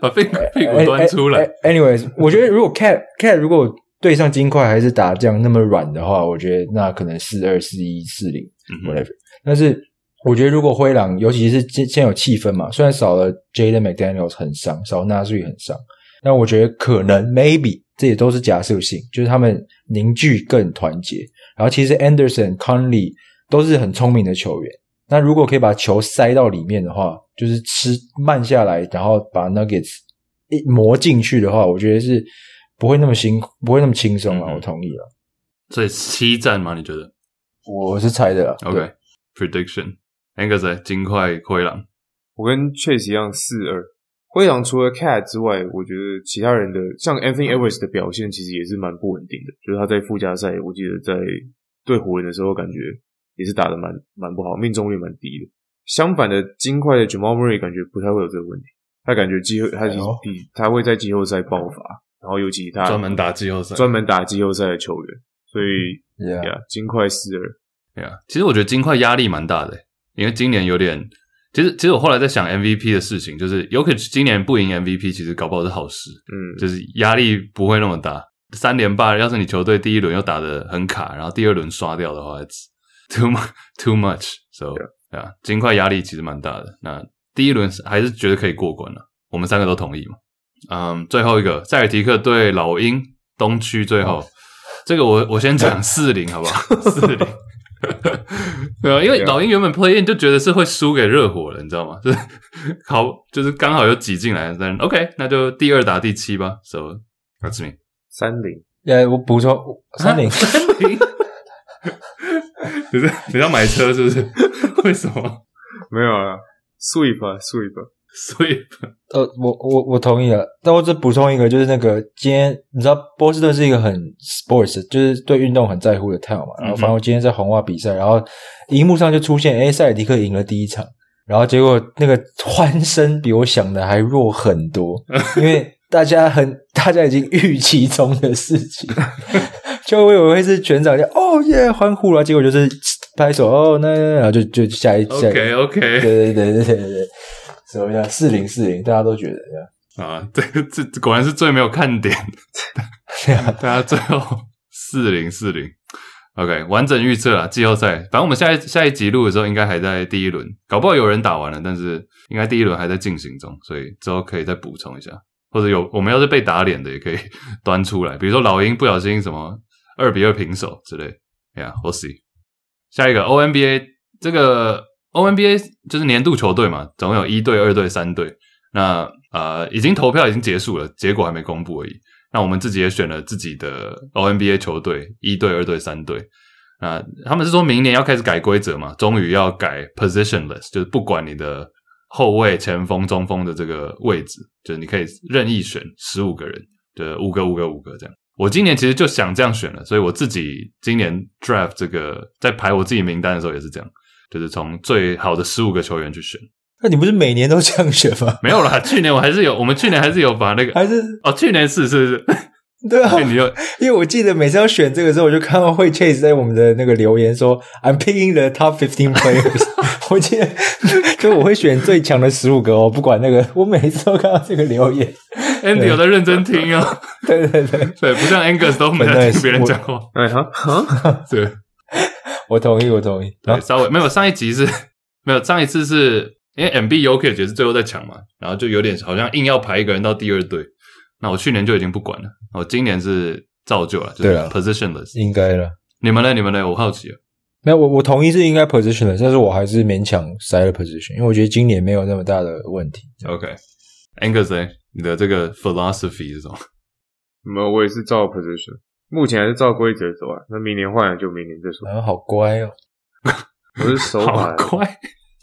把屁股屁股端出來。Anyways， 我覺得如果 cat cat 如果對上金塊還是打這樣那麼軟的話，我覺得那可能四二四一四零 whatever。mm-hmm. 但是我覺得如果灰狼，尤其是現在有氣氛嘛，雖然少了 Jaden McDaniels 很傷，少了 Naz Reid 很傷，但我覺得可能 maybe，這也都是假設性，就是他們凝聚更團結。然後其實 Anderson Conley 都是很聰明的球員。那如果可以把球塞到裡面的話，就是吃慢下來，然後把 Nuggets 一磨進去的話，我覺得是不會那麼辛，不會那麼輕鬆了。我同意啊。所以七戰嗎？你覺得？我是猜的啦。OK，prediction、okay。Nuggets 金塊、灰狼。我跟 Chase 一樣，四二灰狼。除了 Cat 之外，我覺得其他人的像 Anthony Edwards 的表現其實也是蠻不穩定的。就是他在附加賽，我記得在對湖人的時候，感覺。也是打得蠻蠻不好，命中率蠻低的。相反的，金塊的 Jamal Murray 感覺不太會有這個問題，他感覺季後他比、嗯、他會在季後賽爆發，嗯、然後尤其他專門打季後賽、專門打季後賽的球員，所以呀，金塊四二，呀、yeah,，其實我覺得金塊壓力蠻大的，因為今年有點。其實，其實我後來在想 MVP 的事情，就是尤可 k 今年不贏 MVP，其實搞不好是好事，嗯，就是壓力不會那麼大。三連霸，要是你球隊第一輪又打得很卡，然後第二輪刷掉的話。Too much, too much，so 啊、yeah. yeah，金塊壓力其實蠻大的。那第一輪還是覺得可以過關了、啊，我們三個都同意嘛。嗯、um,，最後一個塞爾提克對老鷹，東區最後，okay. 這個我我先講四零好不好？四 零， 對啊，因為老鷹原本 play in 就覺得是會輸給熱火了，你知道嗎？就是好，就是剛好又擠進來，但 OK，那就第二打第七吧。so that's me。三零？哎、yeah,，我補充，三零三零。 不是你要買車是不是？為什麼？沒有啊，sweep 啊 sweep sweep。呃、哦，我我我同意了，但我再補充一個，就是那個今天你知道波士頓是一個很 sports，就是對運動很在乎的 town 嘛、嗯，然後反正我今天在紅襪比賽，然後熒幕上就出現，哎，塞爾提克贏了第一場，然後結果那個歡聲比我想的還弱很多， 因為大家很大家已經預期中的事情。 就以為會是全場就哦耶、yeah, 歡呼啦、啊，結果就是拍手哦。那然後就就下一下一 OK OK 對對對對對對，怎麼樣四零四零大家都覺得這樣啊？這這果然是最沒有看點的， 大家最後四零四零 OK 完整預測啊，季後賽，反正我們下一下一集錄的時候應該還在第一輪，搞不好，有人打完了，但是應該第一輪還在進行中，所以之後可以再補充一下，或者有我們要是被打臉的也可以端出來，比如說老鷹不小心什麼。二比二平手之類，哎呀，我、yeah, we'll see，下一個 All-NBA 這個 All-NBA 就是年度球隊嘛，總共有一隊、二隊、三隊。那呃，已經投票已經結束了，結果還沒公布而已。那我們自己也選了自己的 All-NBA 球隊，一隊、二隊、三隊。那，他們是說明年要開始改規則嘛？終於要改 positionless，就是不管你的後衛、前鋒、中鋒的這個位置，就是你可以任意選十五個人的五個、五個、五個這樣。我今年其實就想這樣選了，所以我自己今年 draft 這個在排我自己名單的時候也是這樣，就是從最好的十五個球員去選。那你不是每年都這樣選嗎？沒有啦，去年我還是有，我們去年還是有把那個還是哦，去年是是是，對啊。你又因為我記得每次要選這個時候，我就看到會 Chase 在我們的那個留言說 I'm picking the top fifteen players。 我記得，就我會選最強的十五個哦，我不管那個，我每次都看到這個留言。Andy 有在認真聽哦、啊、對，對對對對，不像 Angus 都沒在聽別人講話、 欸。啊啊，對，我同意，我同意。啊、稍微沒有上一集是沒有上一次是因為 MBUK 覺得是最後在搶嘛，然後就有點好像硬要排一個人到第二隊。那我去年就已經不管了，我今年是造就了，就是，positionless 對啊 positionless 應該了。你們呢？你們呢？我好奇。沒有，我我同意是應該 positionless，但是我還是勉強塞了 position，因為我覺得今年沒有那麼大的問題。OK，Angus。Okay. Angus 你的這個 philosophy 是什麼？沒、嗯、有，我也是照 position，目前還是照規則走啊。那明年換了就明年再說。啊、好乖哦， 我是手法是，好乖。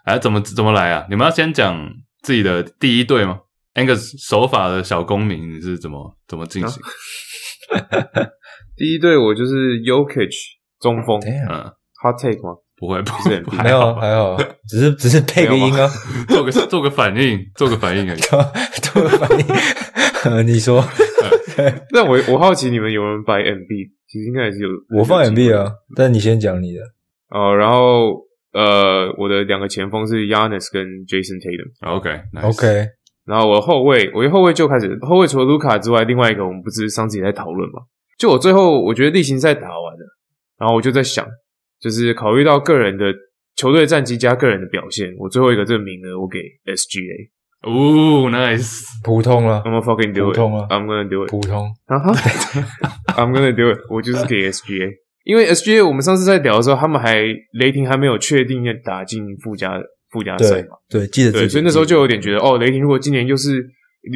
哎、啊，怎麼怎麼來啊？你們要先講自己的第一隊嗎？Angus 手法的小公民，你是怎麼怎麼進行？啊、 第一隊我就是 Yokich 中鋒，嗯，Hot take 嘛不會，不會，不是 MB, 不還好有，還好， 只是，只是配個音啊，做個做個反應，做個反應而已， 做個反應。 呃、你說，那、嗯、我我好奇你們有人擺 MB，其實應該也是有。我放 MB 啊，但你先講你的、嗯。哦，然後呃，我的兩個前鋒是 Yannis 跟 Jason Tatum，哦。OK，OK、okay, nice。Okay. 然後我後衛，我一後衛就開始，後衛除了盧卡之外，另外一個我們不是上次也在討論嘛？就我最後我覺得例行賽打完了，然後我就在想。就是考慮到個人的球隊戰績加個人的表現，我最後一個這個名額呢，我給 SGA 哦，nice 普通了，I'm fucking do 普 it，普通了，I'm gonna do it，普通、huh? ，I'm gonna do it，我就是給 SGA， 因為 SGA 我們上次在聊的時候，他們還雷霆還沒有確定要打進附加附加賽嘛對，對，記得對，所以那時候就有點覺得,得哦，雷霆如果今年就是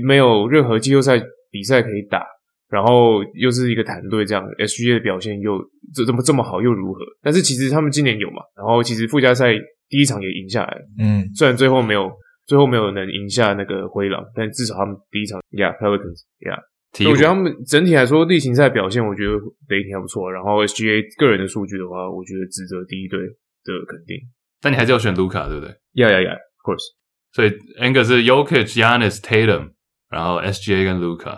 沒有任何季後賽比賽可以打。然後又是一個團隊這樣，S G A 的表現又這怎麼這麼好又如何？但是其實他們今年有嘛？然後其實附加賽第一場也贏下來，嗯，雖然最後沒有最後沒有能贏下那個灰狼，但至少他們第一場呀，Pelicans，Yeah。我覺得他們整體來說例行賽表現，我覺得雷霆還不錯，啊。然後 S G A 個人的數據的話，我覺得值得第一隊的肯定。但你還是要選盧卡，對不對？Yeah, yeah, yeah, of course。所以那個是 Jokic、Giannis、Tatum，然後 S G A 跟盧卡。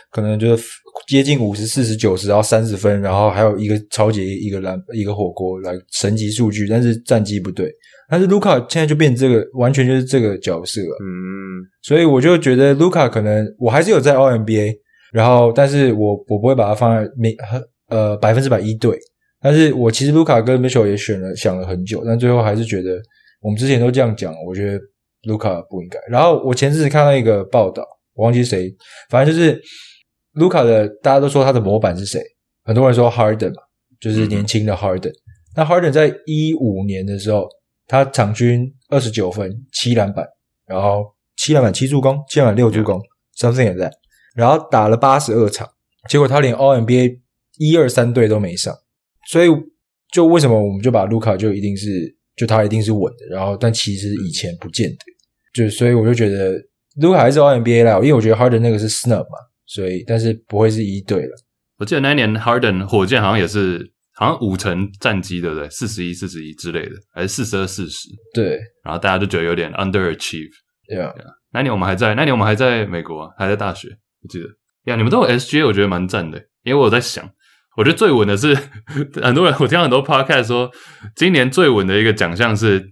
可能就是接近五十、四十、九十，然後三十分，然後還有一個超級一個籃一個火鍋來神級數據，但是戰績不對。但是盧卡現在就變這個，完全就是這個角色了。嗯，所以我就覺得盧卡可能我還是有在 All-NBA，然後但是我我不會把它放在每呃百分之百一隊。但是我其實盧卡跟 Mitchell 也選了想了很久，但最後還是覺得我們之前都這樣講，我覺得盧卡不應該。然後我前陣子看到一個報道，我忘記誰，反正就是。盧卡的，大家都說他的模板是誰？很多人說 Harden 嘛，就是年輕的 Harden。那 Harden 在一五年的時候，他場均二十九分、七籃板，然後七籃板、七助攻，七籃板六助攻，something 也在，like that，然後打了八十二場，結果他連 All-NBA 一二三隊都沒上。所以，就為什麼我們就把盧卡就一定是就他一定是穩的？然後，但其實以前不見得。就所以我就覺得，盧卡還是 All-NBA 來，因為我覺得 Harden 那個是 snub 嘛。所以，但是不會是一隊了。我記得那一年 Harden 火箭好像也是，好像五成戰績對不對？四十一、四十一之類的，還是四十二、四十？對。然後大家就覺得有點 under achieve、yeah.。對啊，那年我們還在，那年我們還在美國、啊，還在大學，我記得。呀、yeah,，你們都有 SGA 我覺得蠻讚的、欸，因為我在想，我覺得最穩的是很多人，我聽到很多 podcast 說，今年最穩的一個獎項是。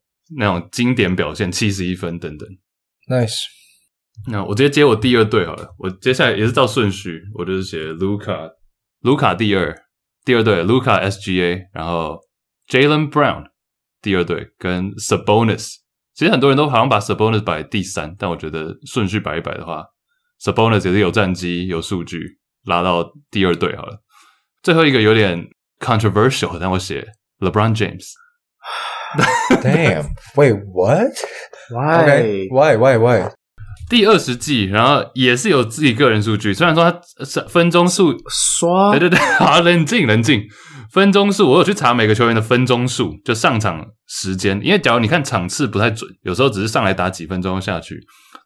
那種經典表現，七十一分等等，nice。那我直接接我第二隊好了。我接下來也是照順序，我就是寫盧卡，盧卡第二，第二隊盧卡 SGA，然後 Jalen Brown 第二隊跟 Sabonis。其實很多人都好像把 Sabonis 擺第三，但我覺得順序擺一擺的話，Sabonis 也是有戰績有數據，拉到第二隊好了。最後一個有點 controversial，但我寫 LeBron James。 Damn! Wait, what? Why? Okay, why? Why? Why? 第二十季，然後也是有自己個人數據。雖然說他分鐘數刷，對對對，好，冷靜，冷靜。分鐘數我有去查每個球員的分鐘數，就上場時間。因為假如你看場次不太準，有時候只是上來打幾分鐘下去。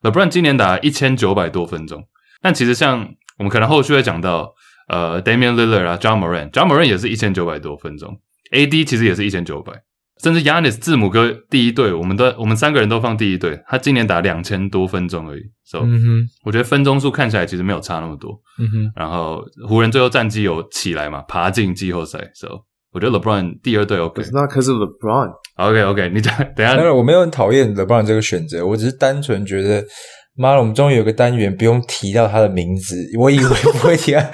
LeBron 今年打一千九百多分鐘，但其實像我們可能後續會講到，呃，Damian Lillard 啊，Ja Morant，Ja Morant 也是一千九百多分鐘，AD 其實也是一千九百。甚至 Giannis 字母哥第一隊，我們都我們三個人都放第一隊。他今年打兩千多分鐘而已，所以，so, mm-hmm. 我覺得分鐘數看起來其實沒有差那麼多。Mm-hmm. 然後湖人最後戰績有起來嘛，爬進季後賽，所以，so, 我覺得 LeBron 第二隊 OK。那可是 LeBron OK OK，你講等下等下。我沒有很討厭 LeBron 這個選擇，我只是單純覺得，媽的，我們終於有個單元不用提到他的名字，我以為不會提到。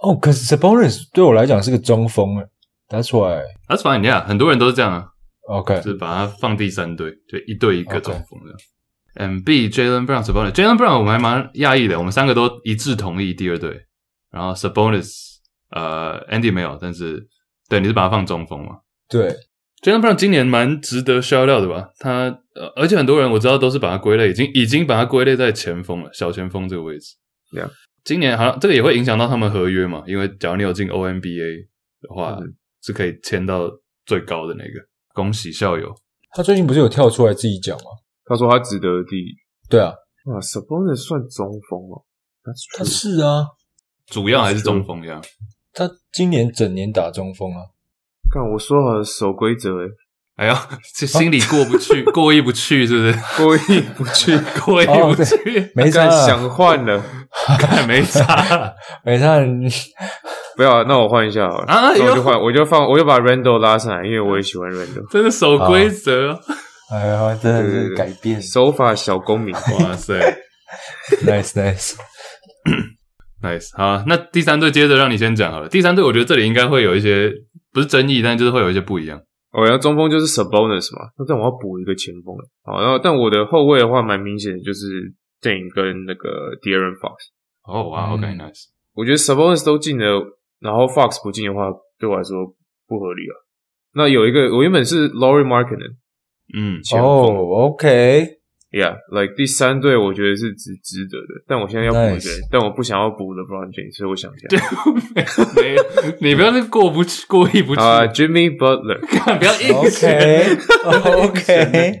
哦、oh，Cause Sabonis 對我來講是個中鋒誒，That's why。That's why 你看，yeah，很多人都是這樣啊。OK，就是把它放第三隊，就一隊一個中鋒的。嗯，okay，B，Jaylen Brown，Sabonis，Jaylen Brown 我們還蠻訝異的，我們三個都一致同意第二隊。然後 Sabonis，呃，Andy 沒有，但是對，你是把它放中鋒嘛？對。Jaylen Brown 今年蠻值得 shoutout 的吧？他，呃，而且很多人我知道都是把它歸類已經已經把它歸類在前鋒了，小前鋒這個位置。Yeah. 今年好像這個也會影響到他們合約嘛，因為假如你有進 All-NBA 的話是，是可以簽到最高的那個。恭喜校友，他最近不是有跳出來自己講嘛？他說他值得第，對啊，啊，Sabonis 算中鋒嗎？哦？他是啊，主要還是中鋒呀。他今年整年打中鋒啊。看我說好了守規則，誒哎呀，這心裡過不去，啊、過意不去 是不是？過意不去，過意不去，沒敢想換了。 看沒啥， 沒啥，不要、啊，那我換一下好了。啊，我就換、呃，我就放，我就把 Randle 拉上來，因為我也喜歡 Randle。真的守規則。哎呀，真的是改變手法、呃 so、小公民。哇塞，nice nice nice。 nice, 好，那第三隊接着讓你先講好了。第三隊，我覺得這裡應該會有一些不是爭議，但就是會有一些不一樣。哦，然後中鋒就是 Sabonis 嘛，但我要補一個前鋒。好，然後但我的後衛的話，蠻明顯的就是。電影跟那個 De'Aaron Fox。哦，哇，OK，Nice。我覺得 Sabonis 都進的，然後 Fox 不進的話，對我來說不合理啊。那有一個，我原本是 Lauri Markkanen。嗯。哦、oh,，OK，Yeah，Like、okay. 第三隊，我覺得是值值得的，但我現在要補人，nice. 但我不想要補的 Bron James，所以我想一下。對，沒有，你不要是過不去， 過意不去啊、uh,，Jimmy Butler，不要硬。OK，OK。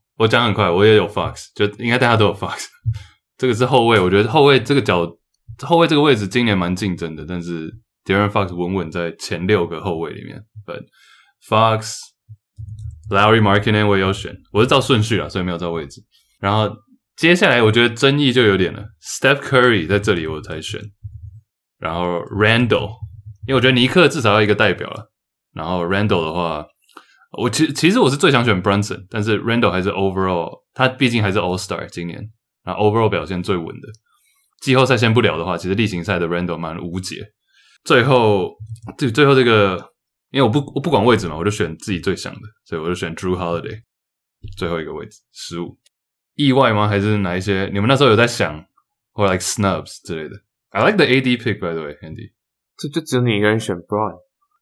我講很快，我也有 Fox，就應該大家都有 Fox。 這個是後衛，我覺得後衛這個角，後衛這個位置今年蠻競爭的，但是 De'Aaron Fox 穩穩在前六個後衛裡面。But Fox, Lauri Markkanen 我也要選，我是照順序了，所以沒有照位置。然後接下來我覺得爭議就有點了，Steph Curry 在這裡我才選，然後 Randle 因為我覺得尼克至少要一個代表了。然後 Randle 的話。我其其實我是最想選 Brunson，但是 Randall 還是 Overall，他畢竟還是 All Star 今年，然後 Overall 表現最穩的。季後賽先不聊的話，其實例行賽的 Randall 蠻無解。最後，最最後這個，因為我不我不管位置嘛，我就選自己最想的，所以我就選 Drew Holiday。最後一個位置十五，意外嗎？還是哪一些？你們那時候有在想，或 like Snubs 之類的？I like the AD pick by the way，Andy。就就只有你一個人選 Bron，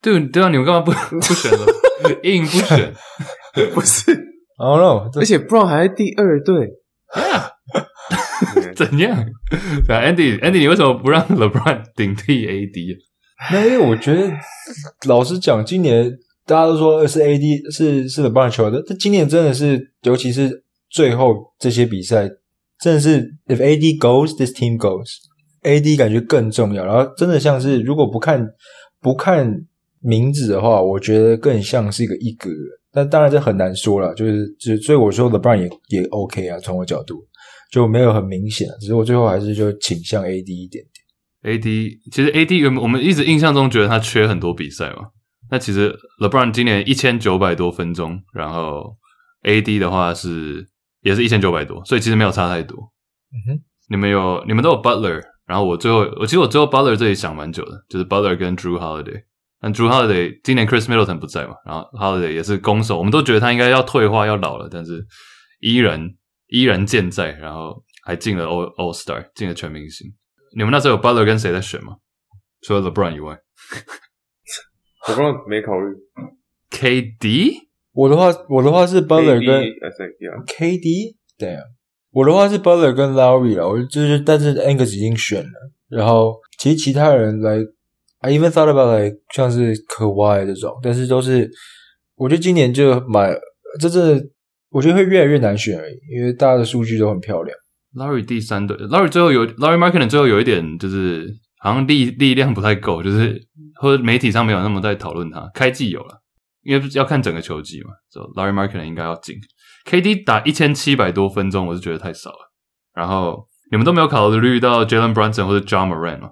對對啊，你們幹嘛不不選呢？ 硬不選， 不是 ，I don't know。而且 Bron 還是第二隊，啊？怎樣？Andy，Andy，Andy 你為什麼不讓 LeBron 頂替 AD？那因為我覺得，老實講，今年大家都說是 AD 是是 LeBron 的球的，但今年真的是，尤其是最後這些比賽，真的是 If AD goes，this team goes。AD 感覺更重要，然後真的像是如果不看不看。名字的話，我覺得更像是一個一哥，但當然這很難說了，就是就所以我說 LeBron 也也 OK 啊，從我角度就沒有很明顯，只是我最後還是就傾向 AD 一點點。AD 其實 AD 我們一直印象中覺得他缺很多比賽嘛，那其實 LeBron 今年一千九百多分鐘，然後 AD 的話是也是一千九百多，所以其實沒有差太多。嗯哼。你們有，你們都有 Butler，然後我最後我其實我最後 Butler 這裡想蠻久的，就是 Butler 跟 Drew Holiday。那 Jrue Holiday 今年 Chris Middleton 不在嘛，然後 Holiday 也是攻守，我們都覺得他應該要退化，要老了，但是依然依然健在，然後還進了 All All Star，進了全明星。你們那時候有 Butler 跟誰在選嗎？除了 LeBron 以外，LeBron 我我沒考慮。KD，我的話我的話是 Butler 跟，KD 對，我的話是 Butler 跟、yeah. 啊、Lowry、啊、我就是但是 Angus 已經選了，然後其實其他人來。I even thought about it, like, 像是 Kawhi 這種，但是都是我覺得今年就蠻，這這，我覺得會越來越難選而已，因為大家的數據都很漂亮。Lauri 第三隊 Lauri 最後有 Lauri Markkanen 最後有一點就是好像力力量不太夠，就是或者媒體上沒有那麼在討論他。開季有了，因為要看整個球季嘛，so Lauri Markkanen 應該要進。KD 打一千七百多分鐘，我是覺得太少了。然後你們都沒有考慮到 Jalen Brunson 或者 Ja Morant 嗎？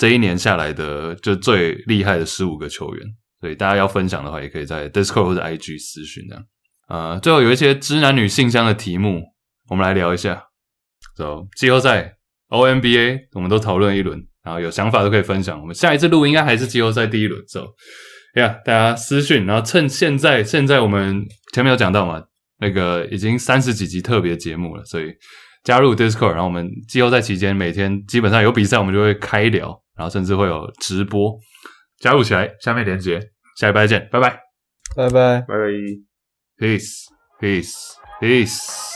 這一年下來的就最厲害的十五個球員，所以大家要分享的話，也可以在 Discord 或者 IG 私訊這樣。呃，最後有一些汁男女信箱的題目，我們來聊一下。走，季後賽 O M B A，我們都討論一輪，然後有想法都可以分享。我們下一次錄應該還是季後賽第一輪。走，呀、yeah,，大家私訊，然後趁現在現在我們前面有講到嘛，那個已經三十幾集特別節目了，所以。加入 Discord，然後我們季後賽期間每天基本上有比賽，我們就會開聊，然後甚至會有直播。加入起來，下面連接，下禮拜見，拜拜，拜拜，拜拜，Peace，Peace，Peace。